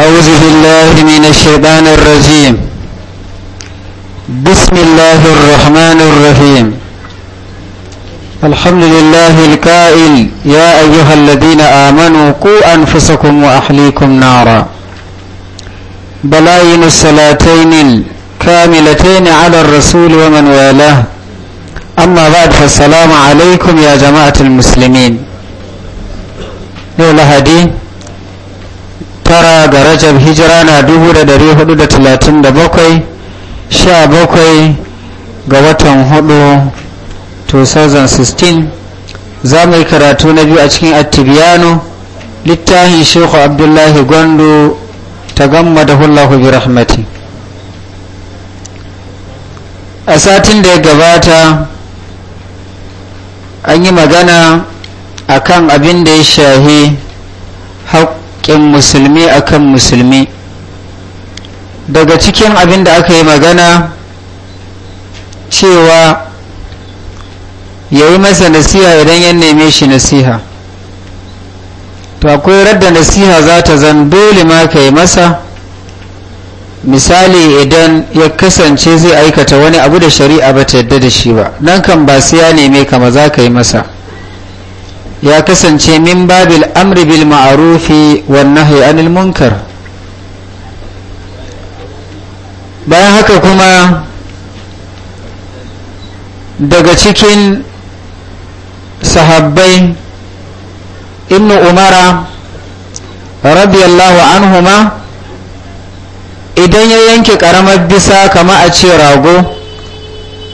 أعوذ بالله من الشيطان الرجيم بسم الله الرحمن الرحيم الحمد لله الكائل يا أيها الذين آمنوا قوا أنفسكم وأحليكم نارا بلاين الصلاتين الكاملتين على الرسول ومن والاه أما بعد فالسلام عليكم يا جماعة المسلمين يا لهدي shekara ga rajab hijira na 1437 sha bakwai ga watan hudu 2016 za mu yi karatu na biyu a cikin attibiyano littahi shekhu abdullahi gwandu ta gamma da hullahu bi rahmati a satin da ya gabata an yi magana a kan abin da ya shahi ƙin musulmi akan musulmi daga cikin abin da aka yi magana cewa ya yi masa nasiha idan ya neme shi nasiha to akwai radda nasiha za ta zan dole ma ka yi masa misali idan ya kasance zai aikata wani abu da shari'a ba ta yadda da shi ba nan kan ba sai ya neme kama za ka yi masa ya kasance min babil amri bil ma'arufi wannan nahyi anil munkar bayan haka kuma daga cikin sahabbai ibnu umara radiyallahu anhuma idan ya yanke karamar bisa kama a ce rago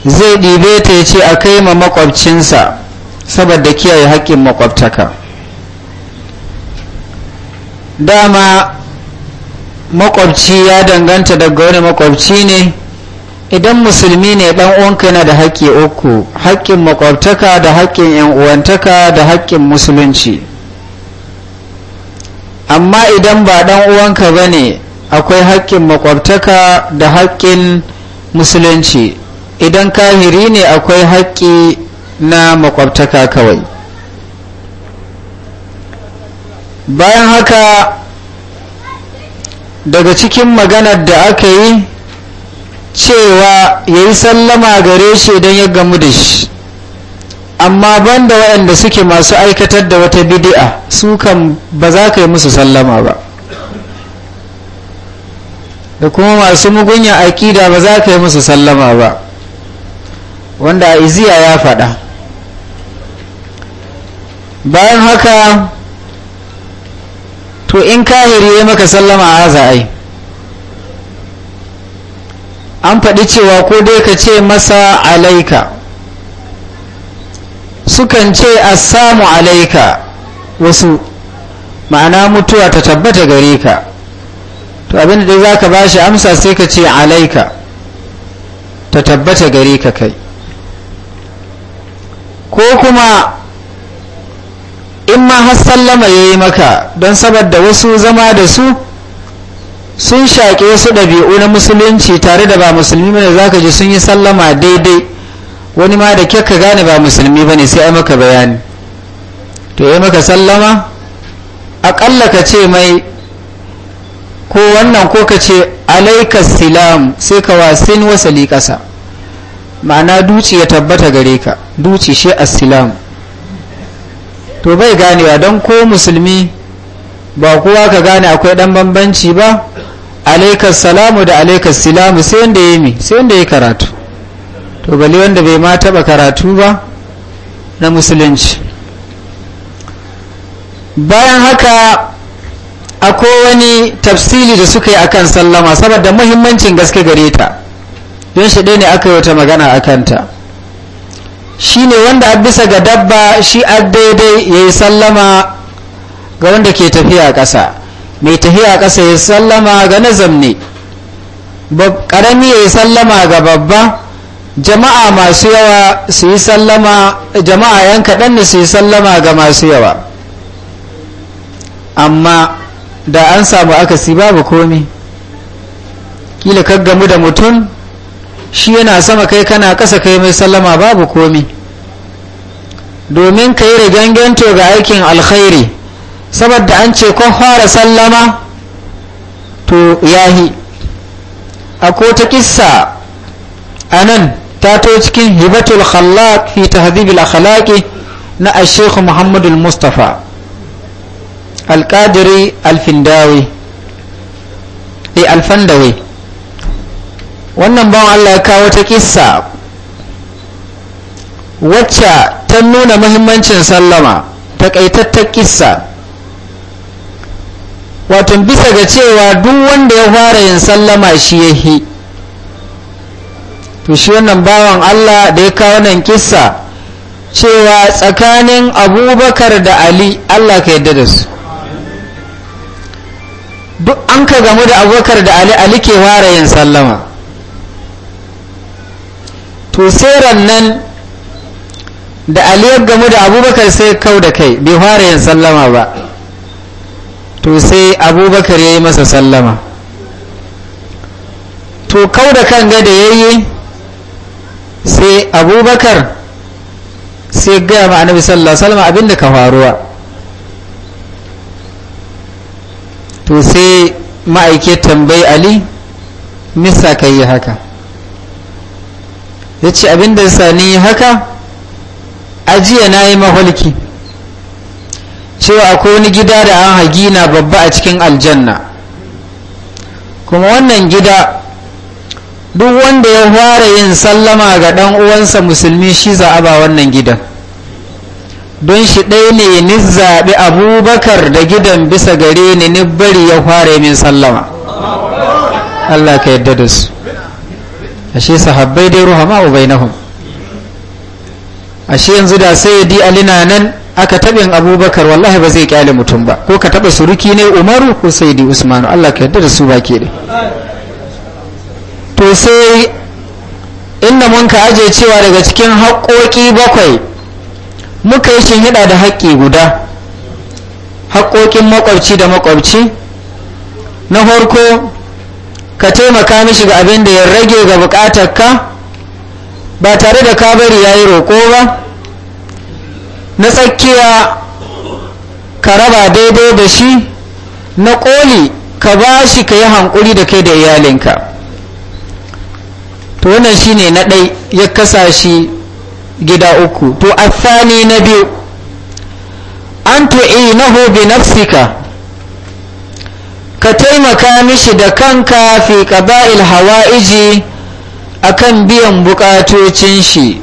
zai ɗibe ta ya ce a kai ma makwabcinsa saboda kiyaye haƙƙin makwabtaka dama makwabci ya danganta daga wani makwabci ne idan musulmi ne dan uwanka yana da haƙƙi uku haƙƙin makwabtaka da haƙƙin yan uwantaka da haƙƙin musulunci amma idan ba dan uwanka bane akwai haƙƙin makwabtaka da haƙƙin musulunci idan kahiri ne akwai haƙƙi na makwabtaka kawai bayan haka daga cikin maganar da aka yi cewa ya yi sallama gare shi don ya gamu da shi amma banda waɗanda suke masu aikatar da wata bidi'a su kan ba za ka yi musu sallama ba da kuma masu mugunya aƙida ba za ka yi musu sallama ba wanda a iziya ya faɗa bayan haka to in kahiri ya maka sallama a ai an faɗi cewa ko dai ka ce masa alaika sukan ce assamu alaika wasu ma'ana mutuwa ta tabbata gare ka to abinda dai za ka ba shi amsa sai ka ce alaika ta tabbata gare ka kai ko kuma in ma har sallama ya yi maka don saboda wasu zama da su sun shaƙi su ɗabi'u na musulunci tare da ba musulmi ne za ka ji sun yi sallama daidai wani ma da kyakka gane ba musulmi ba ne sai ai maka bayani to ya maka sallama aƙalla ka ce mai ko wannan ko ka ce alaika silam sai ka wasin wasali ƙasa ma'ana duci ya tabbata gare ka duci shi silam. to bai ganewa don ko musulmi ba kowa ka gane akwai dan bambanci ba alaikas salamu da alaikas silamu sai wanda ya yi sai wanda ya karatu to bali wanda bai ma taba karatu ba na musulunci bayan haka akwai wani tafsili da suka yi akan sallama saboda muhimmancin gaske gare ta don shi ne aka yi wata magana akanta shi ne wanda a bisa ga dabba shi a daidai ya yi sallama ga wanda ke tafiya ƙasa mai tafiya ƙasa ya sallama ga nazam ne ƙarami ya yi sallama ga babba jama'a masu yawa su yi sallama jama'a yan kaɗan ne su yi sallama ga masu yawa amma da an samu akasi babu komi kila kaggamu da mutum shi yana sama kai kana ƙasa kai mai sallama babu komi domin ka yi to ga aikin alkhairi saboda an ce ko fara sallama to yahi a ko kissa a nan ta to cikin hibatul khallaq fi tahdhibil akhlaqi na ash muhammad al mustafa al-qadiri al-findawi eh, al-fandawi wannan bawan Allah ya kawo ta kissa wacce ta nuna muhimmancin sallama ta takaitattar kissa wato bisa ga cewa duk wanda ya fara yin sallama shi yahi to shi wannan bawan Allah da ya kawo nan kissa cewa tsakanin abubakar da ali Allah ka yadda da su duk an ka gamu da abubakar da ali ali ke fara yin sallama to sai nan da ali ya gamu da abubakar sai kau da kai bai fara yin sallama ba to sai abubakar ya yi masa sallama to kau da kan gada ya yi sai abubakar sai gaya ma annabi sallallahu alaihi wasallam abinda ka faruwa to sai ma'aikatan tambayi ali nisa ka yi haka ya ce abinda sani haka ajiya na yi maholki cewa akwai wani gida da an na babba a cikin aljanna kuma wannan gida duk wanda ya fara yin sallama ga dan uwansa musulmi shi za a ba wannan gidan don shi ɗaya ne ni zaɓi abubakar da gidan bisa gare ni ni bari ya fara yin sallama Allah ka yadda da su ashe sahabbai dai ruhama ubainahum ashe yanzu da sai ali na nan aka taɓa yin abubakar wallahi ba zai kyale mutum ba ko ka taɓa suruki ne umaru ko sai di usmanu allah ka yarda da su ba ke to sai inda mun ka aje cewa daga cikin haƙoƙi bakwai muka yi shinhiɗa da haƙƙi guda haƙoƙin maƙwabci da maƙwabci na farko ka taimaka mishi ga abin da ya rage ga ka ba tare da kabari ya yi roƙo ba na tsakiya ka raba daidai da shi na ƙoli ka ba shi ka yi hankuri da kai da iyalinka to wannan shi ne na ɗai ya kasa shi gida uku to a na biyu an tu'inahu bi nafsika ka taimaka mishi da kanka fi ƙaba'il hawa'iji a kan biyan buƙatocin shi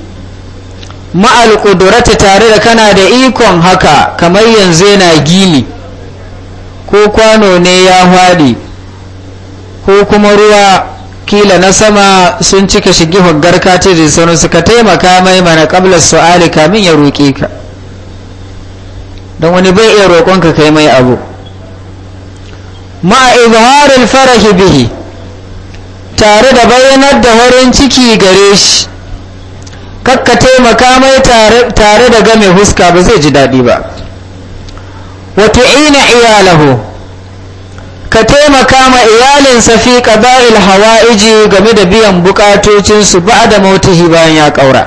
ma'alƙudurata tare da kana da ikon haka kamar yanzu yana gini ko kwano ne ya hwaɗe ko kuma ruwa kila na sama sun cika shigi hoggar kati da sauransu ka taimaka mai mana kabla su'ali kamin ya roƙe ka don wani bai iya roƙonka kai mai abu ma'a izharil farahi bihi tare da bayanar da horin ciki gare shi kakka taimaka mai tare da game huska ba zai ji daɗi ba wato ina iyalahu ka taimaka ma iyalinsa fi ƙaba'il hawa'iji game da biyan bukatocinsu ba da mautihi bayan ya ƙaura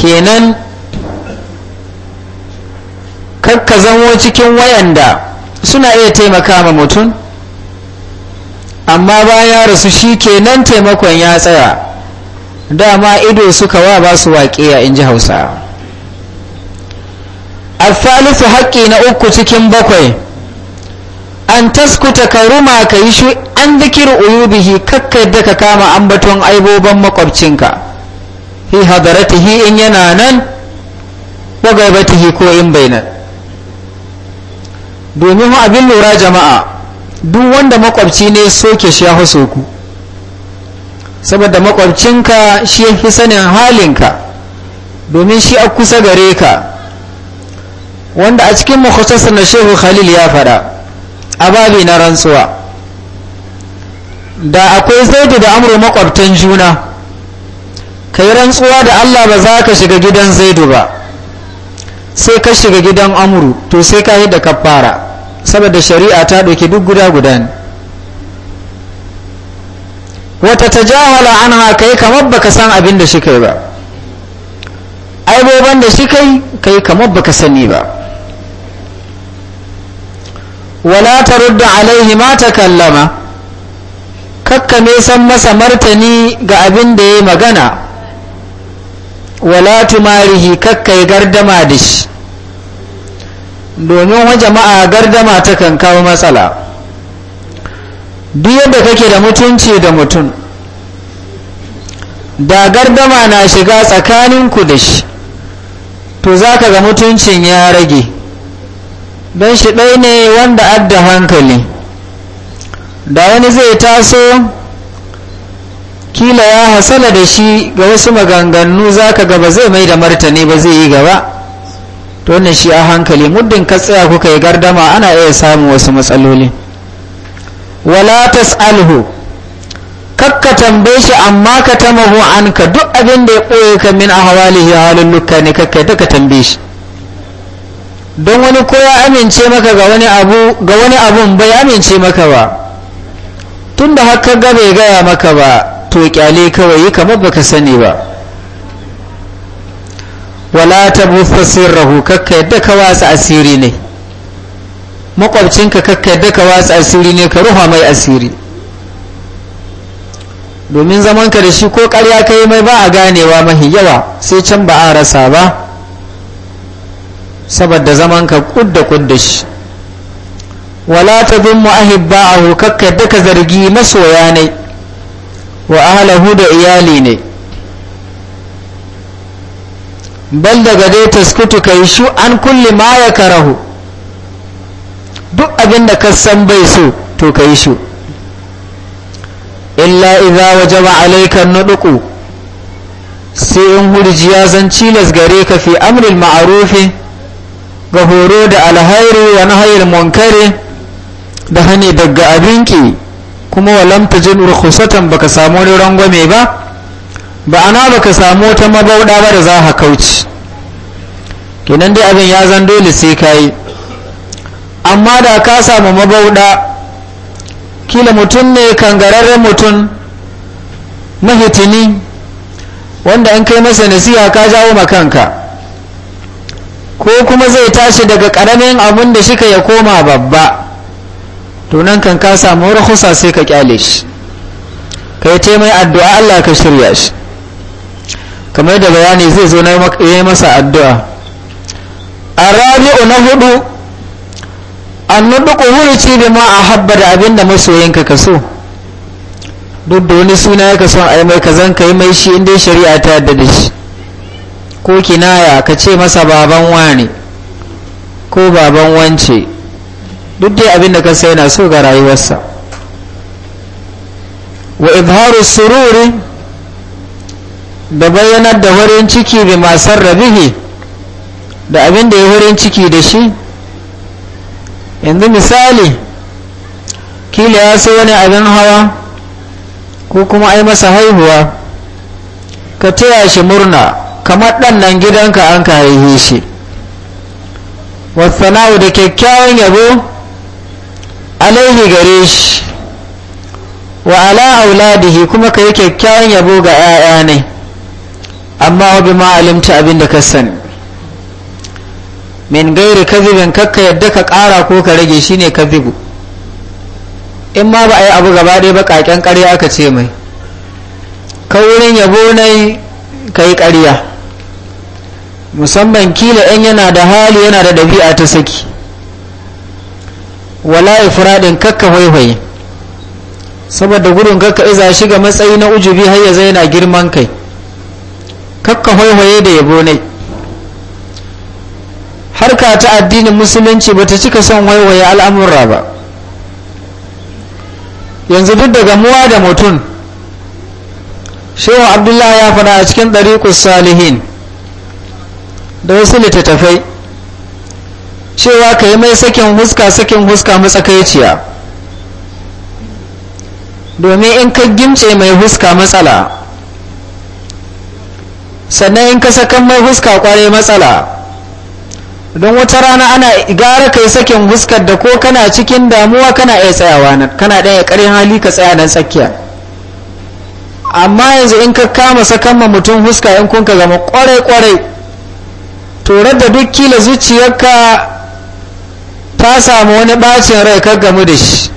kenan kakka zamo cikin wayanda suna iya taimaka ma mutum amma bayan ya rasu shi ke nan taimakon ya tsaya dama ido suka wa ba su a in ji hausa alfalisu haƙƙi na uku cikin bakwai an taskuta ka ruma ka yi shi an dikir uyubihi kakka yadda ka kama ambaton aiboban makwabcinka hi hadaratihi in yana nan wa gaibatihi ko in bai nan domin abin lura jama'a duk wanda makwabci ne soke shi ya haso ku saboda makwabcinka shi ya fi sanin halinka domin shi a kusa gare ka wanda a cikin makwacasa na shehu khalil ya fada a babi na rantsuwa da akwai zaidu da amuru makwabtan juna ka yi rantsuwa da allah ba za ka shiga gidan zaidu ba sai ka shiga gidan amuru to sai ka yi da kafara saboda shari'a ta ɗauki duk guda guda ne wata ta jahala an haka yi kamar baka san abin da shi kai ba aiboban da shi kai kai kamar baka sani ba wala ta rudda alaihi ma ta kallama kakkame san masa martani ga abin da ya magana wala tumarihi kakkai gardama da shi domin wa jama'a gardama ta kan kawo matsala duk yadda kake da mutunci da mutum da gardama na shiga tsakaninku da shi to za ka ga mutuncin ya rage don shi ɗai ne wanda adda hankali da wani zai taso kila ya hasala da shi ga wasu maganganu za ka gaba zai mai da martani ba zai yi gaba to wannan shi a hankali muddin ka tsaya kuka yi gardama ana iya samun wasu matsaloli wala tas'alhu kakka tambaye shi amma ka tamahu an ka duk abin da ya ɓoye ka min a hawalihi halin lukka ne kakka ta ka tambaye shi don wani ko ya amince maka ga wani abu ga wani abun bai amince maka ba tunda har ka ga bai gaya maka ba to kyale kawai kamar baka sani ba wala tabutha sirrahu kakka yadda ka watsa asiri ne makwabcinka kakka yadda ka watsa asiri ne ka ruha mai asiri domin zaman ka da shi ko karya ka yi mai ba a ganewa mahi yawa sai can ba a rasa ba saboda zaman ka kudda kudda shi wala ta bin mu'ahib a kakka yadda ka zargi masoya ne wa ahlahu da iyali ne bal daga dai taskutu kai shu an kulli ma ya karahu duk abin da bai so to kai shu illa idza wajaba alayka nuduku sai in hurji ya zan cilas gare ka fi amril ma'arufi ga horo da alhairu wa nahayil munkari da hani daga abinki kuma walam jin rukhsatan baka samu wani rangwame ba ba ana baka samu wata mabauɗa ba da za ka kauce kenan dai abin ya zan dole sai yi. amma da ka samu mabauda kila mutum ne kangararren mutum mahitini wanda an kai masa nasiha ka jawo ma kanka ko kuma zai tashi daga karamin abin da shika ya koma babba to nan kan ka samu rahusa sai ka kyale shi kai ta mai addu'a Allah ka shirya shi kamar da bayani zai zo na yi masa addu'a arabi'u na hudu an nuduku ci da ma a habba da abin da masoyinka ka so duk da wani suna ya kaso a yi mai kazan ka yi mai shi inda shari'a ta yadda da shi ko kinaya ka ce masa baban wani ko baban wance duk dai abin da ka sai yana so ga rayuwarsa wa izharu sururi da bayyanar da wurin ciki bi masar rabihi da abin da ya wurin ciki da shi yanzu misali kila ya so wani abin hawa ko kuma ai masa haihuwa ka taya shi murna kamar ɗan nan gidanka an ka haihe shi wasu da kyakkyawan yabo alaihi gare shi wa ala auladihi kuma ka yi kyakkyawan yabo ga 'ya'ya ne amma wabi ma alimta abin da ka sani min gairi kazibin kakka yadda ka kara ko ka rage shine kazibu in ma ba a yi abu gaba ɗaya ba ƙaƙen ƙarya aka ce mai ka wurin yabo nai ka yi ƙarya musamman kila 'yan yana da hali yana da ɗabi'a ta saki wala ifradin kakka waiwaye saboda gudun kakka iza shiga matsayi na ujubi har ya zaina girman kai kakka waiwaye da yabo ne harka ta addinin musulunci bata cika son waiwaye al'amura ba yanzu duk daga muwa da mutum shehu abdullahi ya faɗa a cikin ɗariƙus salihin da wasu littattafai cewa ka yi mai sakin huska sakin huska matsakaiciya domin in ka gimce mai huska matsala sannan in ka sakan mai huska kwarai matsala don wata rana ana gara ka yi sakin huskar da ko kana cikin damuwa kana iya tsayawa nan kana ɗaya ƙarin hali ka tsaya nan tsakiya amma yanzu in ka kama sakan ma mutum huska in kun ka zama kwarai kwarai to da duk kila zuciyarka ta samu wani bacin rai ka gamu da shi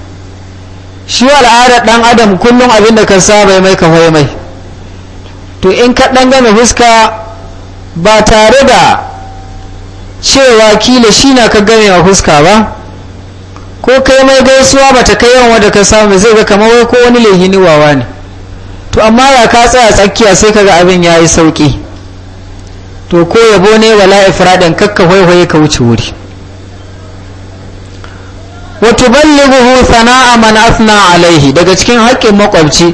shi al'adar dan adam kullum abin da ka saba mai ka hoye mai to in ka dan game fuska ba tare da cewa kila shi na ka game a fuska ba ko kai mai gaisuwa ba ta kai yawan wanda ka samu zai ga kamar wai ko wani lehini wawa ne to amma ya ka tsaya tsakiya sai kaga abin ya yi sauki to ko yabo ne wala ifradin kakka hoye ka wuce wuri wa buhu sana'a man asna alaihi daga cikin haƙƙin makwabci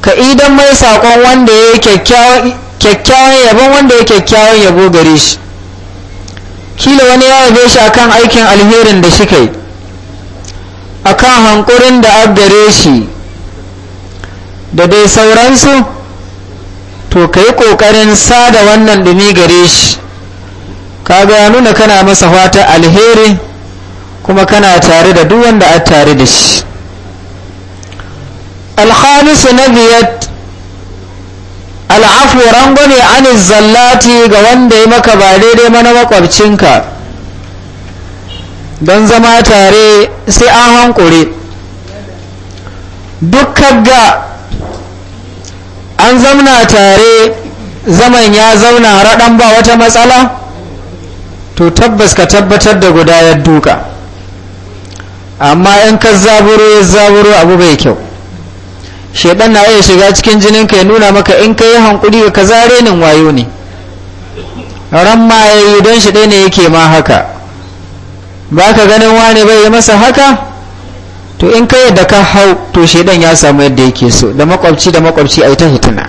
ka idan mai saƙon wanda ya kyakkyawan yabon wanda ya kyakkyawan yabo gare shi kila wani ya yabe shi akan aikin alherin da shi kai akan hankurin da gare shi da dai sauransu to ka yi ƙoƙarin sada wannan dumi gare shi ka ga nuna kana masa fata alheri kuma kana tare da duk wanda a tare da shi alhamisu na biyar al'afu ne an zallati ga wanda ya maka ba daidai mana makwabcinka don zama tare sai an hankure dukkan ga an zamna tare zaman ya zauna raɗan ba wata matsala to tabbas ka tabbatar da guda ya duka amma in ka zaburo ya zaburo abu bai kyau shaiɗan na iya shiga cikin jinin ka ya nuna maka in ka yi hankuri ka zare nin wayo ne ran ma ya yi don shi ne yake ma haka ba ka ganin wani bai yi masa haka to in ka yadda ka hau to shaiɗan ya samu yadda yake so da makwabci da makwabci a yi ta hituna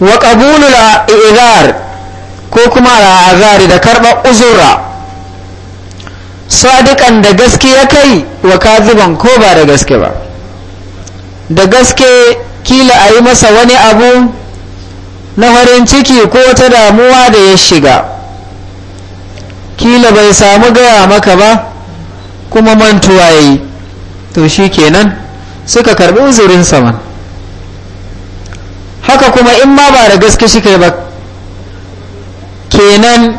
wa ƙabulul ko kuma la'azari da karɓar uzura sadikan da gaske ya kai wa kaziban ko ba da gaske ba da gaske kila a yi masa wani abu na farin ciki ko wata damuwa da ya shiga kila bai samu gaya maka ba kuma mantuwa ya yi to shi kenan suka karbi uzurin saman haka kuma in ma ba da gaske shi ba kenan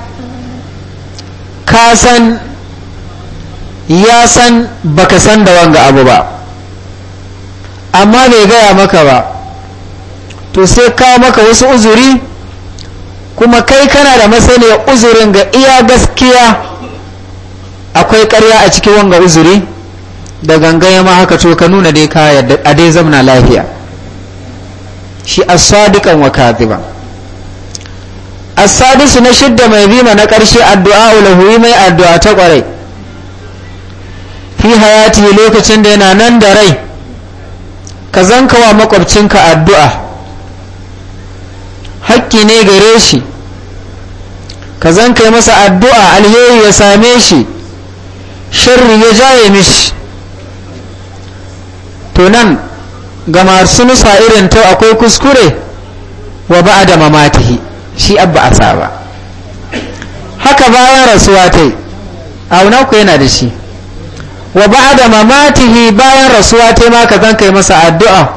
ka san ya san baka san da wanga abu ba amma bai gaya maka ba to sai kawo maka wasu uzuri kuma kai kana da masaniya uzurin ga iya gaskiya akwai karya a cikin wanga uzuri da gangaya ma haka to ka nuna dai kaya a dai zamna lafiya shi asadikan wa kadhiban asadisu na shidda mai bima na ƙarshe addu'a lahu mai addu'a ta kwarai fi hayati lokacin da yana nan da rai ka zanka wa makwabcinka addu'a hakki ne gare shi ka zanka yi masa addu'a alheri ya same shi shirri ya jaye mishi to nan ga masu nusa irin ta akwai kuskure wa ba da mamatihi shi abba a saba haka bayan rasuwa ta yi auna ku yana da shi wa ba da mamatihi bayan rasuwa ta ma ka zan kai masa addu'a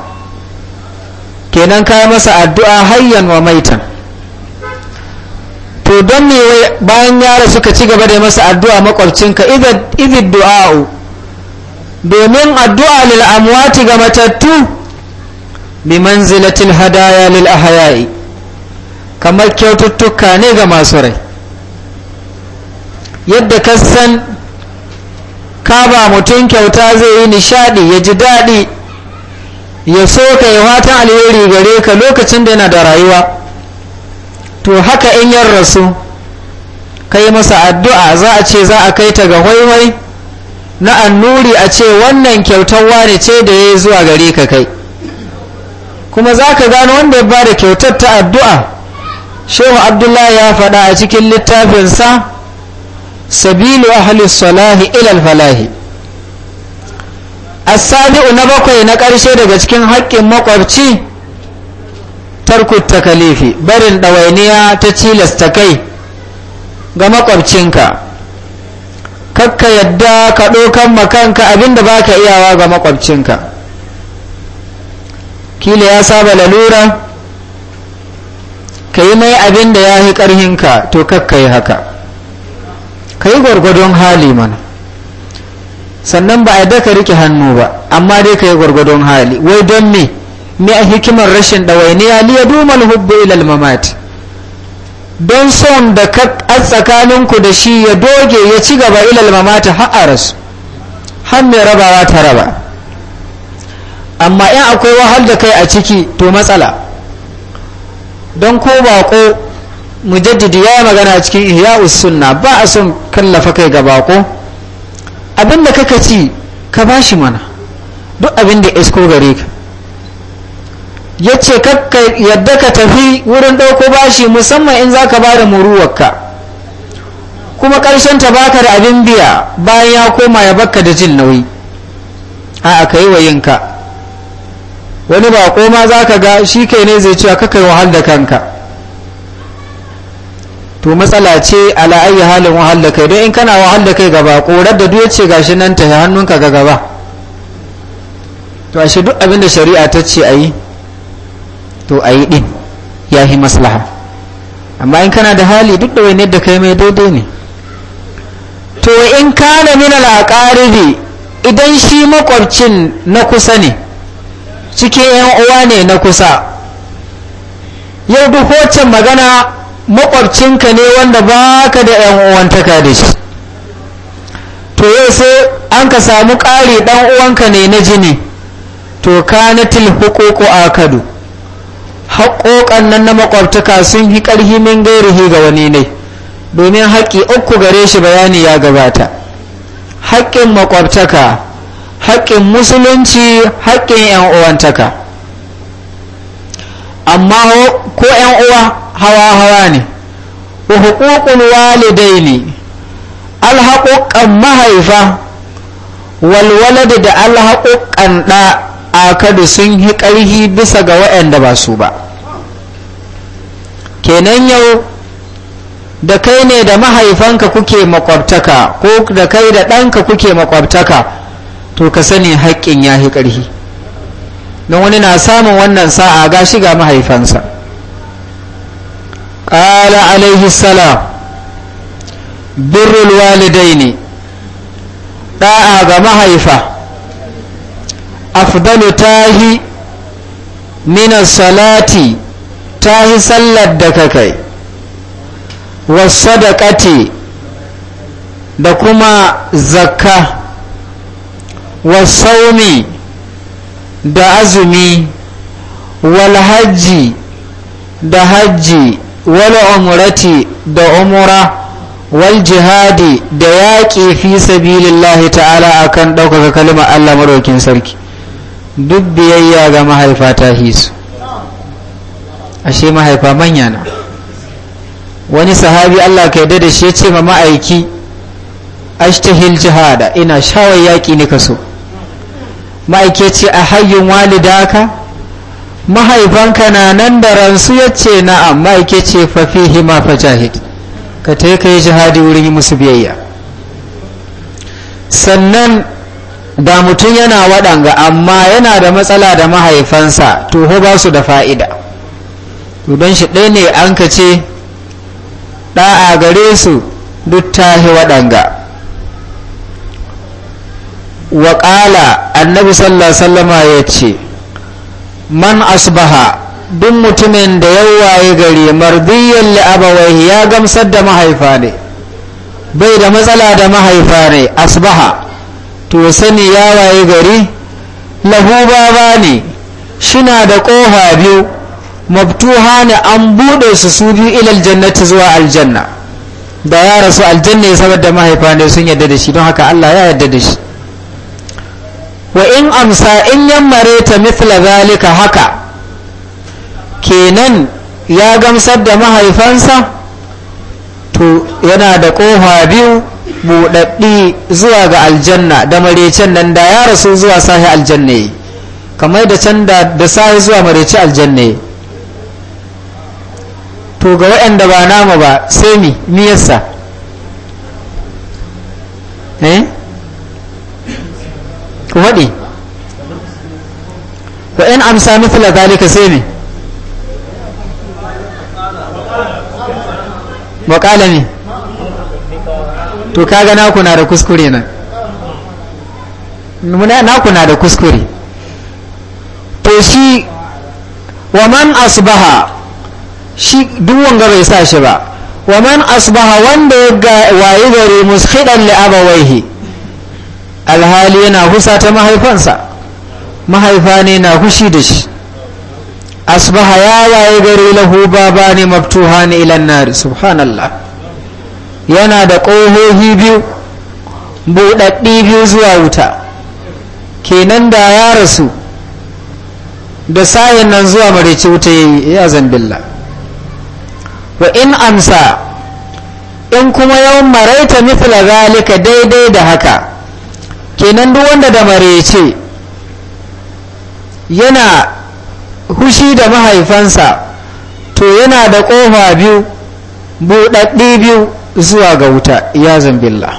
kenan kai masa addu'a hayyan wa maitan to don me bayan yara suka ci gaba da masa addu'a makwabcinka idid du'a'u domin addu'a lil amwati ga matattu bi manzilatil hadaya lil kamar kyaututtuka ne ga masu rai yadda ka san kaba mutum kyauta zai yi nishadi ya ji daɗi ya so ka yi watan alheri gare ka lokacin da yana da rayuwa to haka in yan rasu ka yi masa addu'a za a ce za a kai ta ga waiwai na annuri a ce wannan kyautar wane ce da ya yi zuwa gare ka kai kuma za ka gano wanda ya ba da kyautar ta addu'a shehu abdullahi ya faɗa a cikin littafinsa sabilu ahli salahi ilal falahi sabi'u na bakwai na ƙarshe daga cikin haƙƙin makwabci tarkut takalifi barin dawainiya ta cilasta kai ga makwabcinka kakka yadda ka dokan makanka abinda baka ka iyawa ga makwabcinka kila ya saba lalura ka yi mai abinda ya yi ƙarhinka to kakka yi haka ka yi gwargwadon hali mana sannan ba a ka rike hannu ba amma dai ka yi gwargwadon hali wai don me me a hikimar rashin ɗawainiya liya duma hubbu ilal mamati don son da ka tsakaninku da shi ya doge ya ci gaba ilal mamati har a rasu har mai rabawa ta raba amma in akwai wahal da kai a ciki to matsala don ko ko. mujaddidi ya yi magana cikin ihya sunna ba a son kallafa kai ga bako abinda kaka ci ka bashi mana duk abinda isko gare ka ya ce yadda ka tafi wurin ɗauko bashi musamman in za ka ba da muruwarka kuma karshen ta baka da abin biya bayan ya koma ya baka da jin nauyi a aka yi wa wani ba ma za ka ga shi kai ne zai cewa kakai wahal da kanka to matsala ce ala ayi halin wahal da kai don in kana wahal da kai gaba korar da duk ce gashi nan ta hannunka ga gaba to shi duk abin da shari'a ta ce a yi to a yi din yi maslaha amma in kana da hali duk da wani da kai mai daidai ne to in kana min al'aqaribi idan shi makwabcin na kusa ne cikin yan uwa ne na kusa yau duk wacce magana maƙwabcinka ne wanda ba ka da yan uwantaka da shi to yau sai an ka samu ƙari ɗan uwanka ne na jini to ka na kanatil a akadu haƙoƙan nan na makwabtaka sun yi ƙarhi min shi ga wani ne domin haƙƙi uku gare shi bayani ya gabata haƙƙin makwabtaka haƙƙin musulunci haƙƙin 'yan uwantaka amma ko ‘yan uwa hawa-hawa ne wa hukukun walidai ne alhaƙoƙan mahaifa walwalada da alhaƙoƙan ɗa a kada sun yi ƙarhi bisa ga waɗanda ba su ba kenan yau da kai ne da mahaifanka kuke makwabtaka ko da kai da ɗanka kuke makwabtaka to ka sani haƙƙin ya yi ƙarhi don wani na samun wannan sa'a ga shiga mahaifansa ƙala alaihi salam birrul ne ɗa'a ga mahaifa afdalu tahi minan salati tahi sallar da kai wasadakati da kuma zakka wasaumi da azumi wal hajji da hajji wal umrati da umra wal jihadi da yaƙi fi sabilillahi ta'ala akan ɗaukaka kalmar Allah maraukin sarki duk biyayya ga mahaifa ta hisu ashe mahaifa manya na wani sahabi Allah ka yadda da shi ya ce ma ma'aiki ashtahil jihada ina shawar yaƙi ne ka ma'aike ce a hayyun walidaka mahaifanka na nan da ransu ya ce na'am ma'aike ce fafi hima fajahid ka ta ka yi jihadi wurin musu biyayya sannan da mutum yana waɗanga amma yana da matsala da mahaifansa to ho ba su da fa'ida to don shi ɗaya ne an ka ce ɗa'a gare su duk tahi waɗanga wa ƙala annabi sallallahu sallama ya ce man asbaha duk mutumin da ya waye gari mardiyyar li'abawai ya gamsar da mahaifa ne bai da matsala da mahaifa ne asbaha to sani ya waye gari lahu ba ne shina da ƙoha biyu mabtuha ne an buɗe su su biyu ilal jannati zuwa aljanna da ya rasu aljanna ya sabar da mahaifa ne sun yadda da shi don haka allah ya yadda da shi wa in amsa in yammare ta mithla zalika haka kenan ya gamsar da mahaifansa to yana da ƙofa biyu buɗaɗɗi zuwa ga aljanna da marecen nan da ya rasu zuwa sahi aljanna yi kamar da can da sahi zuwa marece aljanna yi to ga waɗanda ba nama ba sai mi miyarsa eh ku wa in amsa mithla dhalika sai ne wa qala ne to kaga naku na da kuskure nan naku na da kuskure to shi wa man asbaha shi duk wanga bai sa shi ba wa man asbaha wanda ya waye gare mushidan li abawaihi alhali yana husa ta mahaifansa mahaifa ne na hushi da shi asbaha ya waye gari lahu baba ne maftuha ne ilan nari subhanallah yana da ƙohohi biyu buɗaɗɗi biyu zuwa wuta kenan da ya rasu da sayan nan zuwa maraice wuta ya yi ya zambilla wa in amsa in kuma yawan maraita mithla zalika daidai da haka kenan duk wanda da marece yana hushi da mahaifansa to yana da kofa biyu buɗaɗɗi biyu zuwa ga wuta ya zambilla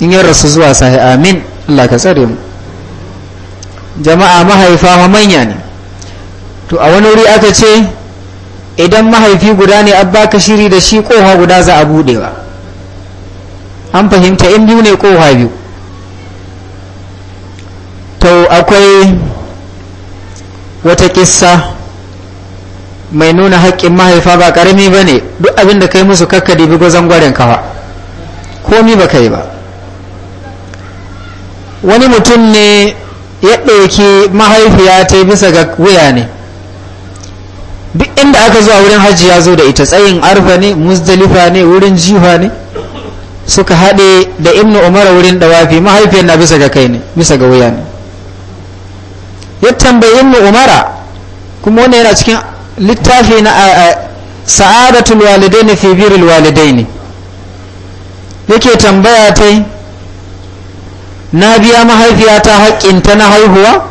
in yi rasu zuwa sahi amin Allah ka tsare mu jama'a mahaifa manya ne to a wani wuri aka ce idan mahaifi guda ne abba ka shiri da shi kofa guda za a buɗewa an fahimta in biyu ne kofa biyu to akwai wata kissa mai nuna haƙƙin mahaifa ba ƙarami ba ne duk abin da kai musu kakka dibi gwazon gwarin kawa komi ba kai ba wani mutum ne ya ɗauki mahaifiya ta bisa ga wuya ne duk inda aka zuwa wurin hajji ya zo da ita tsayin arfa ne musdalifa ne wurin jifa ne suka haɗe da imnu umara wurin dawafi mahaifiyar na bisa ga kai ne bisa ga wuya ne ya tambayi mu umara kuma wannan yana cikin littafi na sa'adatul walidaini fi birul walidaini yake tambaya ta yi na biya mahaifiya ta haƙƙinta na haihuwa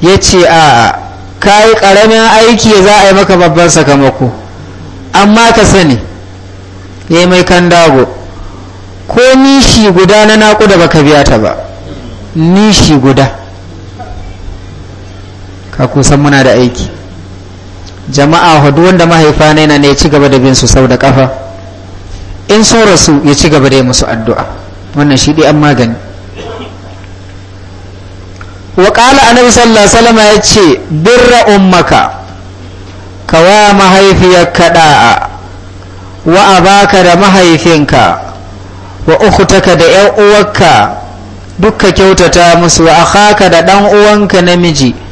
ya ce a kayi ƙaramin aiki za a yi maka babban sakamako amma ka sani ya mai kan dago ko nishi guda na naƙuda ka biya ta ba nishi guda ka kusan muna da aiki jama'a hudu wanda mahaifa yana yana ne ya ci gaba da bin su sau da kafa in sun rasu ya ci gaba da yi musu addu'a wannan shi dai an magani wa qala annabi sallallahu alaihi wasallam ya ce birra ummaka kawa mahaifiyarka da'a wa abaka da mahaifinka wa ukhtaka da yan uwarka dukka kyautata musu wa akhaka da dan uwanka namiji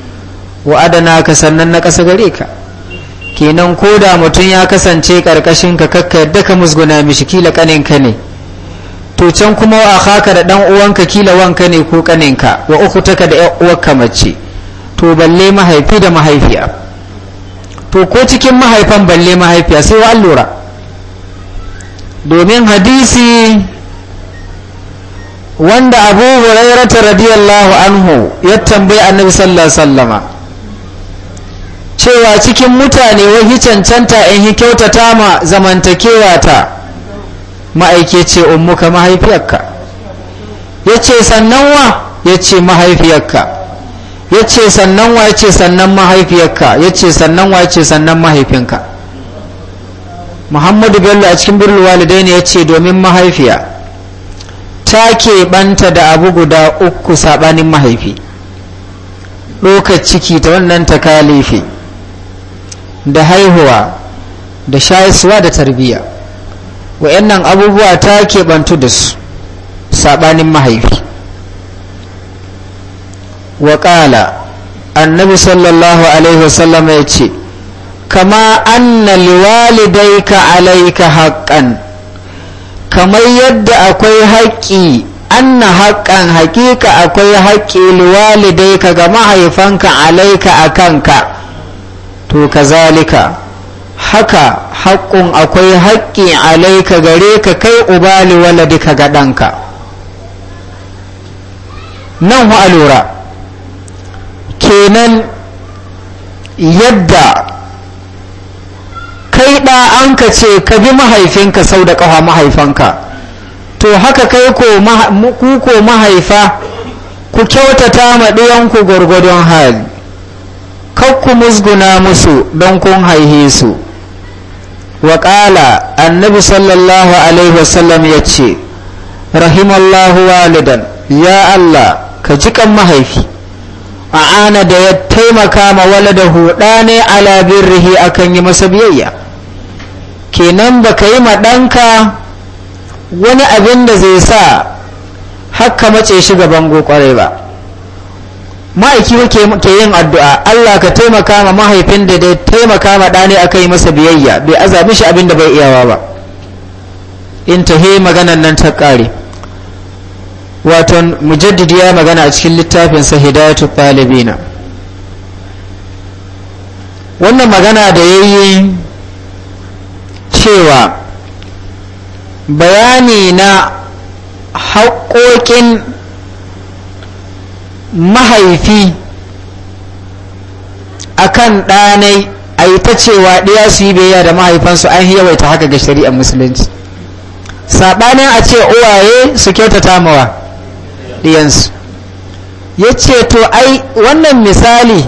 wa adana ka sannan na ƙasa gare ka kenan ko da mutum ya kasance ƙarƙashin ka kakka yadda ka musguna mishi kila ka ne to can kuma wa ka da dan uwanka kila wanka ne ko ka wa uku ka da uwarka mace to balle mahaifi da mahaifiya to ko cikin mahaifan balle mahaifiya sai wa allura domin hadisi wanda abu hurairata radiyallahu anhu ya tambayi annabi sallallahu alaihi wasallama cewa cikin mutane wahi cancanta in hi kyautata ma zamantakewa ta ma'aike ce ummuka mahaifiyarka ya ce sannan wa ya ce mahaifiyarka ya ce sannan wa ya ce sannan mahaifiyarka ya ce sannan wa ya ce sannan mahaifinka muhammadu bello a cikin birnin walidai ne ya ce domin mahaifiya ta ke banta da abu guda uku saɓanin mahaifi ɗokar ciki ta wannan takalifi da haihuwa da shayiswa da tarbiyya wa'annan abubuwa ta keɓantu da su saɓanin mahaifi waƙala annabi sallallahu alaihi wasallama ya ce kama anna liwalidaika alaika haƙƙan kamar yadda akwai haƙƙi anna haƙƙan haƙiƙa akwai haƙƙi liwalidaika ga mahaifanka alaika a kanka to kazalika haka haƙƙun akwai haƙƙi alaika gare ka kai ubali waladika ga ɗanka nan hu alura kenan yadda kai ɗa an ka ce ka bi mahaifinka sau da ƙafa mahaifanka to haka kai ko mahaifa ku kyautata ma ɗiyanku gwargwadon hali ku musguna musu don kun haihe su waƙala annabi sallallahu alaihi wasallam ya ce rahimallahu walidan ya allah ka kan mahaifi a ana da ya taimaka ma waladahu ɗane ala birrihi akan yi masa biyayya kenan ba ka yi ɗanka wani abin da zai sa haka mace shi bango ƙwarai ba ma'aiki ke yin addu'a Allah ka taimaka ma mahaifin da da taimaka ma ɗani aka yi masa biyayya bai azabi shi abinda bai iyawa ba in ta he maganan nan ta ƙare waton mujaddidi ya magana a cikin littafinsa hidayatu ɗalibina wannan magana da ya yi cewa bayani na haƙoƙin mahaifi a kan ɗanai a yi ta cewa ɗaya su yi biyayya da mahaifansu an yawaita haka ga shari'ar musulunci saɓanin a ce uwaye su kyauta tamawa ɗiyansu ya ce to ai wannan misali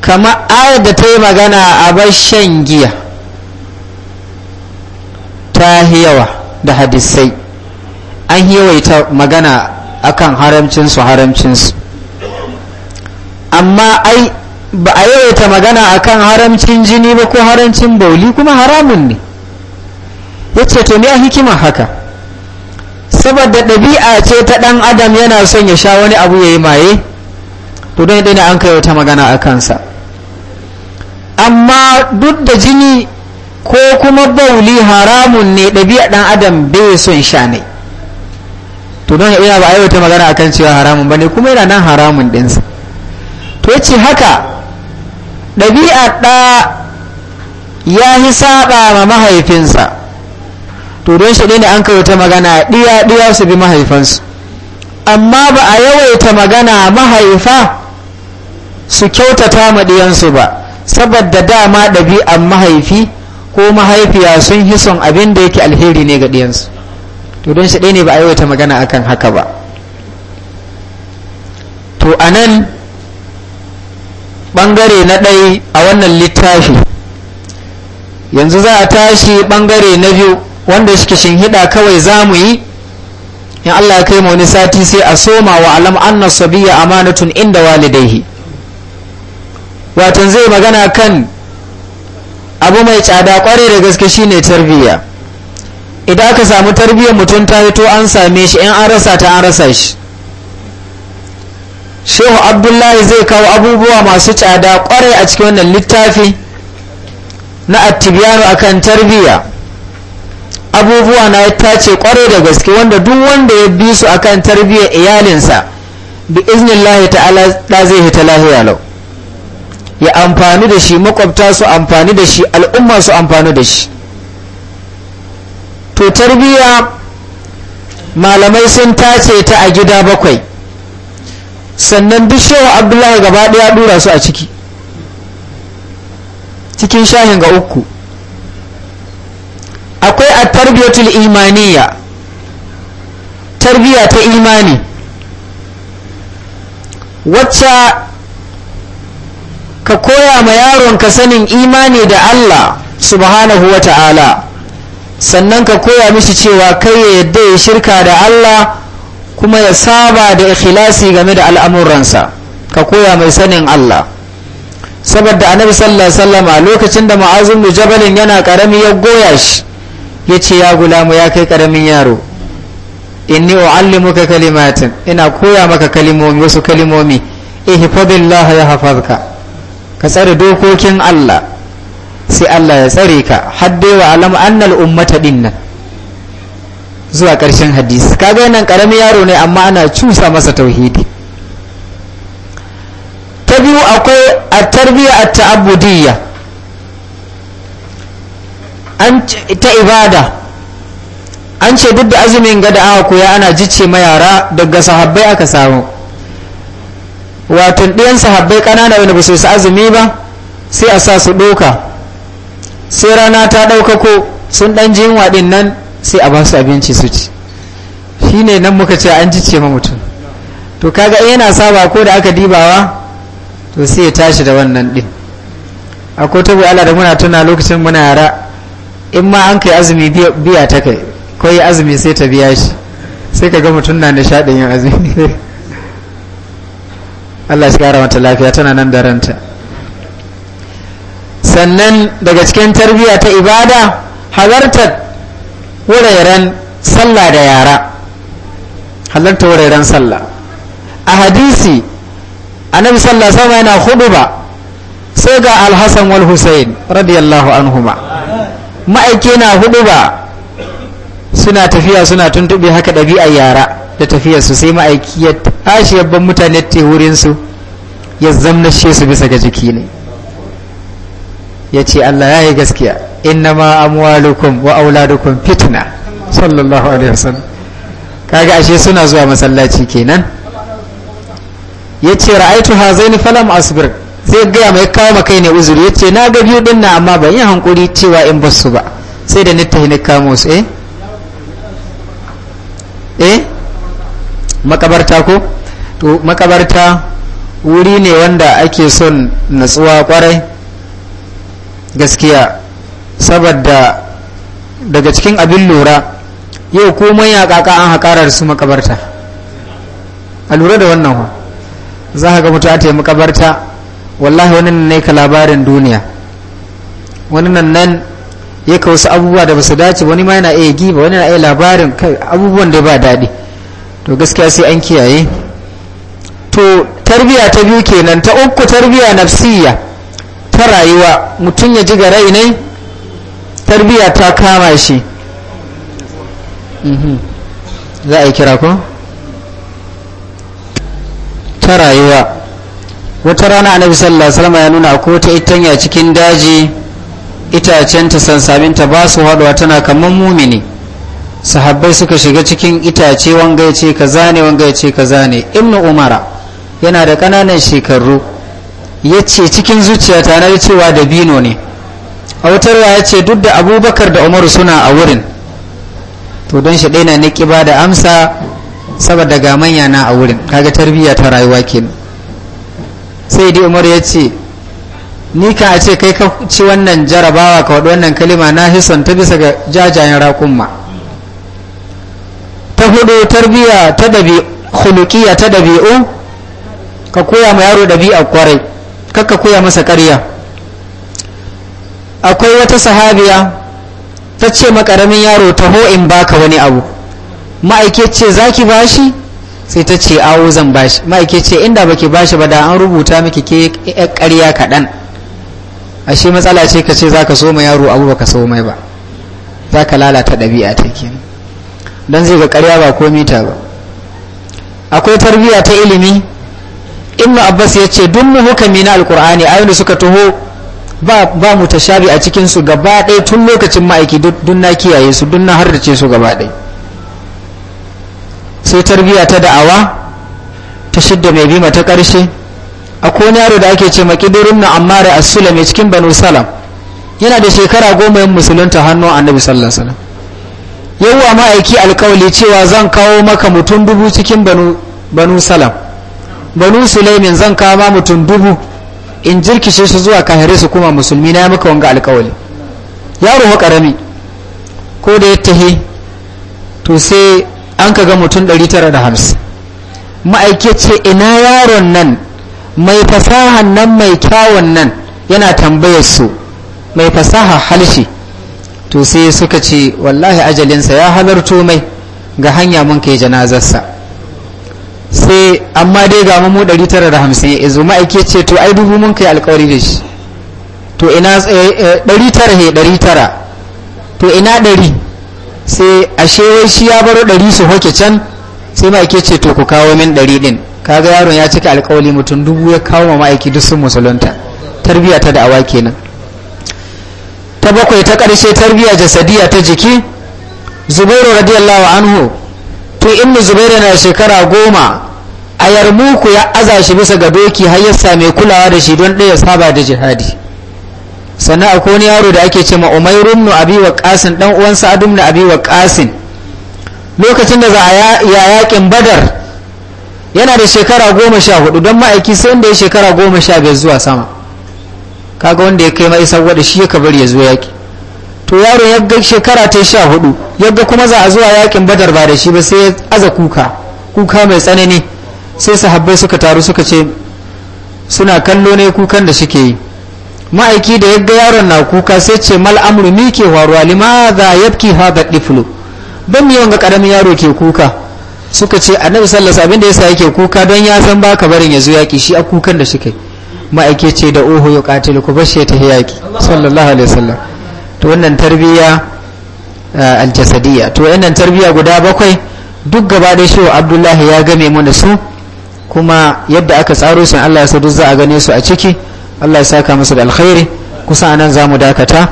kama ayar da ta yi magana a bar shan giya ta yawa da hadisai an yawaita magana akan haramcinsu haramcinsu amma ai ba a yawaita magana akan haramcin jini ba ko haramcin bauli kuma haramun ne yace ce to ne a hikimar haka saboda ɗabi'a ce ta ɗan adam yana son ya sha wani abu ya yi maye to don daina an kai wata magana a kansa amma duk da jini ko kuma bauli haramun ne ɗabi'a ɗan adam bai son sha ne to don yana ba a wata magana kan cewa haramun ba ne kuma yana nan haramun ɗinsa to ya ce haka ɗabi'a ɗa ya yi saɓa ma mahaifinsa to don shi ne an kawata magana ɗiya ɗiya su bi mahaifansu amma ba a yawaita magana mahaifa su kyautata ma ɗiyansu ba saboda dama ɗabi'an mahaifi ko mahaifiya sun hison abin da yake alheri ne ga ɗiyansu to don shi ne ba a yi wata magana akan haka ba to a nan ɓangare na ɗai a wannan littafi yanzu za a tashi ɓangare na biyu wanda suke shinhiɗa kawai za mu yi in Allah ya kai mu wani sati sai a soma wa alam anna sabiya amanatun inda walidaihi watan zai magana kan abu mai tsada kwarai da gaske shine tarbiyya idan aka samu tarbiyyar mutum ta to an same shi in an rasa ta an rasa shi shehu abdullahi zai kawo abubuwa masu tsada kwarai a cikin wannan littafi na attibiyanu akan tarbiyya abubuwa na ta ce kwarai da gaske wanda duk wanda ya bi su akan tarbiyyar iyalinsa bi iznillahi ta'ala da zai hita lahiya lau ya amfani da shi makwabta su amfani da shi al'umma su amfani da shi to tarbiyya malamai sun tace ta a gida bakwai sannan duk shehu abdullahi gaba ɗaya ɗura su a ciki cikin shahin ga uku akwai a tarbiyatul imaniya tarbiya ta imani wacce ka koya ma yaron ka sanin imani da Allah subhanahu wa ta'ala sannan ka koya mishi cewa kai ya yadda ya shirka da Allah kuma ya saba da ikhlasi game da al'amuransa ka koya mai sanin Allah saboda annabi sallallahu alaihi wasallam lokacin da ma'azin da jabalin yana karami ya goya shi ya ce ya gulamu ya kai karamin yaro inni uallimuka kalimatin ina koya maka kalimomi wasu kalimomi ihfadillah ya hafazka ka tsare dokokin Allah sai Allah ya tsare ka hadde wa alam annal ummata dinnan zuwa ƙarshen hadisi kaga nan ƙaramin yaro ne amma ana cusa masa tauhidi ta biyu akwai a tarbiya a ta'abudiyya ta ibada an ce duk da azumin gada aka koya ana jice ma yara daga sahabbai aka samu wato ɗiyan sahabbai ƙanana wani ba su azumi ba sai a sa su ɗoka sai rana ta ɗaukako sun ɗan ji yunwa ɗin nan sai a ba su abinci su ci shi ne nan muka ce an jice ma mutum to kaga in yana saba ko da aka dibawa to sai ya tashi da wannan ɗin akwai ta da muna tuna lokacin muna yara in ma an kai azumi biya ta kai ko azumi sai ta biya shi sai ka ga mutum na nishaɗin yin azumi Allah shi kara mata lafiya tana nan da ranta sannan daga cikin tarbiyya ta ibada halartar wuraren sallah da yara halartar wuraren sallah a hadisi annabi sallah sama yana hudu ba sai ga alhassan wal hussein radiyallahu anhuma ma'aiki na hudu ba suna tafiya suna tuntuɓe haka ɗabi'ar yara da tafiya sai ma'aiki ya tashi yabban mutane te wurinsu ya zamnashe su bisa ga jiki ne ya ce Allah ya yi gaskiya innama amwalukum wa auladukum fitna sallallahu alaihi wasallam kaga ashe suna zuwa masallaci kenan ya ce ra'aitu hazaini falam asbir zai gaya mai kawo kai ne uzuri ya ce na ga biyu din na amma ban yi hankuri cewa in ba su ba sai da ni ni kamo su eh eh makabarta ko to makabarta wuri ne wanda ake son natsuwa kwarai gaskiya saboda daga cikin abin lura yau komai ya kaka an haƙarar su makabarta a lura da wannan za ka ga mutu a taimaka barta wallahi wani nan ne ka labarin duniya wani nan nan ya ka wasu abubuwa da basu dace wani ma yana iya giba wani na iya labarin abubuwan da ba daɗi to gaskiya sai an kiyaye to tarbiya ta biyu kenan ta uku tarbiya nafsiyya ta rayuwa mutum ya ji ga ne tarbiya ta kama shi mhm. za a yi kira ko? ta rayuwa wata rana annabi sallallahu alaihi wasallam ya nuna ko ta itanya cikin daji itacen ta sansamin ta ba su haɗuwa tana kamar mumini sahabbai suka shiga cikin itace wanga ya ce ka zane wanga ya ce ka zane ibnu umara yana da ƙananan shekaru ya ce cikin zuciyata na cewa dabino ne a ya ce duk da abubakar da umaru suna a wurin to don shi ɗaya na ƙiba da amsa saboda ga manya na a wurin kaga tarbiyya ta rayuwa kenan sai dai umaru ya ce ni ka a ce kai ka ci wannan jarabawa ka waɗi wannan kalima na hison ta bisa ga jajayen raƙumma ta hudu tarbiyya ta dabi hulukiya ta dabi'u ka koya ma yaro ɗabi'a kwarai kakka koya masa ƙarya akwai wata sahabiya ta ce makaramin yaro taho in baka wani abu ma'aike ce za ki bashi sai ta ce awo zan bashi ma'aike ce inda baki bashi ba da an rubuta maki ke ƙarya kaɗan ashe matsala ce ka ce za ka so ma yaro abu ba ka so mai ba za ka lalata ɗabi'a ta ke. don zai ga ƙarya ba ko ba akwai tarbiyya ta ilimi ibnu abbas ya ce duk muka na alkur'ani ayoyin da suka taho ba ba mutashabi a cikin su gaba ɗaya tun lokacin ma'aiki duk na kiyaye su duk na harrace su gaba ɗaya sai tarbiya ta da'awa ta shidda mai bima ta ƙarshe akwai wani yaro da ake ce maƙidurin na da as-sulami cikin banu salam yana da shekara goma yin musulunta hannu annabi sallallahu alaihi wasallam yawwa ma'aiki alkawali cewa zan kawo maka mutum dubu cikin banu salam banu sulaimin zan kama mutum dubu in jirkishe su zuwa kahire su kuma musulmi na ya muka wanga alkawali yaro ha karami ko da ya tahi to sai an ka ga mutum 950 ma'aike ce ina yaron nan mai fasaha nan mai kyawun nan yana tambayar su mai fasaha halshe to sai suka ce wallahi ajalinsa ya halarto mai ga hanya mun kai janazarsa sai amma dai ga mu 950 eh, ya ma'aike ce to ai dubu mun kai alkawari da shi to ina 900 eh, eh, he 900 to ina 100 sai ashe wai shi ya baro 100 su hoke can sai ma'aike ce to ku kawo min 100 din kaga yaron ya cika alkawari mutum dubu ya kawo ma ma'aiki duk sun musulunta tarbiya ta da'awa kenan ta bakwai ta karshe tarbiya jasadiya ta jiki zubairu radiyallahu anhu to ibnu zubairu na shekara goma a yarmuku ya aza shi bisa ga doki har ya same kulawa da shi don ɗaya saba da jihadi sannan akwai wani yaro da ake ce ma umairun nu abi wa dan uwan sa'adun na abi wa lokacin da za a ya yakin badar yana da shekara goma sha hudu don ma'aiki sai da ya shekara goma sha biyar zuwa sama kaga wanda ya kai mai wadda shi ya kabar ya zo yaki to yaro ya ga shekara ta sha hudu ya kuma za a zuwa yakin badar ba da shi ba sai ya aza kuka kuka mai tsanani sai sahabbai suka taru suka ce suna kallo ne kukan da suke yi ma'aiki da ya ga yaron na kuka sai ce mal amru mi ke waruwa a yabki hada ɗiflo ban yawan ga karamin yaro ke kuka suka ce annabi sallasa abin da ya yasa yake kuka don ya san baka barin ya zo yaki shi a kukan da suke ma'aike ce da oho ya katilu ku bashe ta yaki sallallahu alaihi wasallam to wannan tarbiyya eh, aljasadiyya to wannan tarbiyya guda bakwai duk gaba da shi abdullahi ya game mana su kuma yadda aka tsaro sun Allah ya sadu za a gane su a ciki Allah ya saka masa da alkhairi kusa anan za mu dakata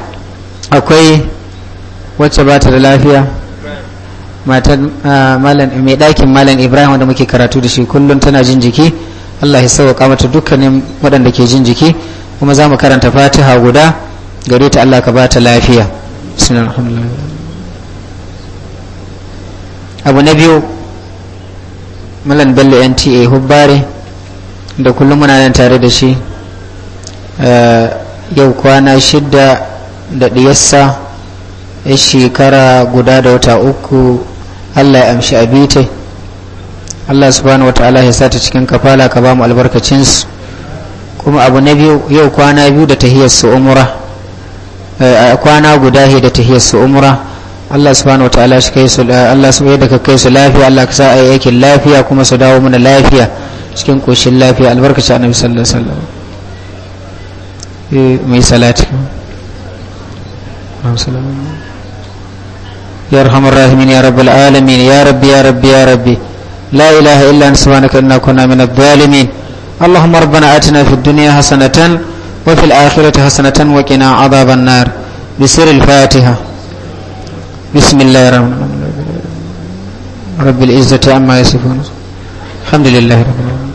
akwai wacce ba ta da lafiya matan eh, mai dakin malam ibrahim wanda muke karatu da shi kullum tana jin jiki Allah ya sauka mata dukkanin waɗanda ke jin jiki kuma za mu karanta fatiha guda gare ta Allah ka ba ta lafiya abu na biyu malam bello nta hubbare da kullum muna nan tare da shi eh, yau kwana shidda da ɗiyassa ya shekara guda da wata uku allah ya amshi abite allah subhanahu wa ta'ala ya sata cikin kafala ka ba mu albarkacinsu kuma abu na biyu yau kwana biyu da tahiyar su umura Eh, kwana guda he da tahiyar su umra Allah subhanahu wataala shi kai su eh, Allah subhanahu da ka kai su lafiya Allah ka sa ai aikin lafiya kuma su dawo mana lafiya cikin koshin lafiya albarkaci annabi sallallahu alaihi wasallam eh, mai salati يا ارحم ya يا رب العالمين يا ربي يا ربي يا ربي لا اله الا انت سبحانك انا كنا من الظالمين اللهم ربنا اتنا في الدنيا حسنه وفي الآخرة حسنة وقنا عذاب النار بسر الفاتحة بسم الله الرحمن الرحيم رب العزة عما يصفون الحمد لله رب العالمين